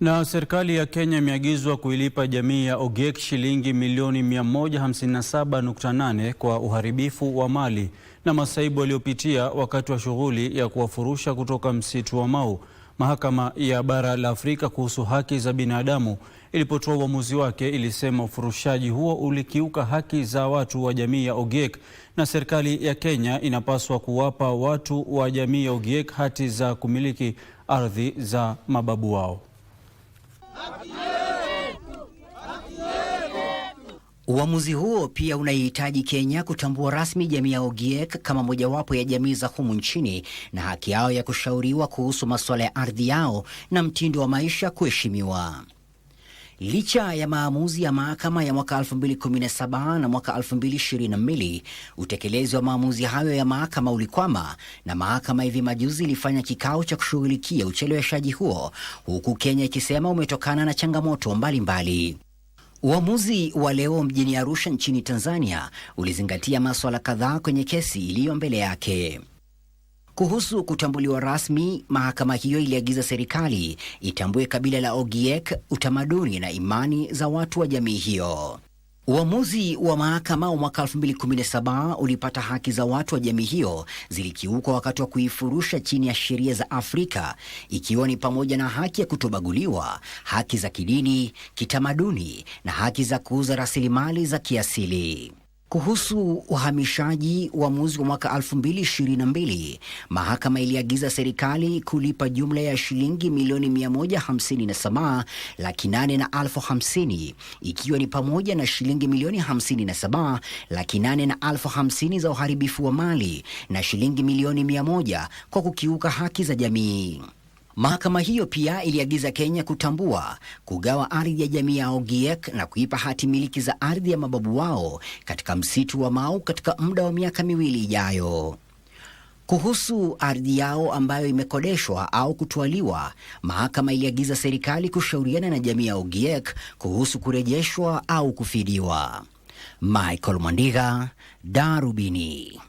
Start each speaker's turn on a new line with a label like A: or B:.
A: Na serikali ya Kenya imeagizwa kuilipa jamii ya Ogiek shilingi milioni 157.8 kwa uharibifu wa mali na masaibu waliopitia wakati wa shughuli ya kuwafurusha kutoka msitu wa Mau. Mahakama ya bara la Afrika kuhusu haki za binadamu ilipotoa uamuzi wake ilisema ufurushaji huo ulikiuka haki za watu wa jamii ya Ogiek na serikali ya Kenya inapaswa kuwapa watu wa jamii ya Ogiek hati za kumiliki ardhi za mababu wao.
B: Uamuzi huo pia unaihitaji Kenya kutambua rasmi jamii ya Ogiek kama mojawapo ya jamii za humu nchini na haki yao ya kushauriwa kuhusu masuala ya ardhi yao na mtindo wa maisha kuheshimiwa. Licha ya maamuzi ya mahakama ya mwaka 2017 na mwaka 2022, utekelezi wa maamuzi hayo ya mahakama ulikwama, na mahakama hivi majuzi ilifanya kikao cha kushughulikia ucheleweshaji huo, huku Kenya ikisema umetokana na changamoto mbalimbali mbali. Uamuzi wa leo mjini Arusha nchini Tanzania ulizingatia masuala kadhaa kwenye kesi iliyo mbele yake. Kuhusu kutambuliwa rasmi, mahakama hiyo iliagiza serikali itambue kabila la Ogiek, utamaduni na imani za watu wa jamii hiyo. Uamuzi wa mahakama wa mwaka 2017 ulipata haki za watu wa jamii hiyo zilikiukwa wakati wa kuifurusha chini ya sheria za Afrika, ikiwa ni pamoja na haki ya kutobaguliwa, haki za kidini, kitamaduni na haki za kuuza rasilimali za kiasili. Kuhusu uhamishaji uamuzi wa mwaka 2022 mahakama iliagiza serikali kulipa jumla ya shilingi milioni 157 laki 8 na elfu 50 ikiwa ni pamoja na shilingi milioni 57 laki 8 na elfu 50 za uharibifu wa mali na shilingi milioni 100 kwa kukiuka haki za jamii. Mahakama hiyo pia iliagiza Kenya kutambua kugawa ardhi ya jamii ya Ogiek na kuipa hati miliki za ardhi ya mababu wao katika msitu wa Mau katika muda wa miaka miwili ijayo. Kuhusu ardhi yao ambayo imekodeshwa au kutwaliwa, mahakama iliagiza serikali kushauriana na jamii ya Ogiek kuhusu kurejeshwa au kufidiwa. Michael Mwandiga, Darubini.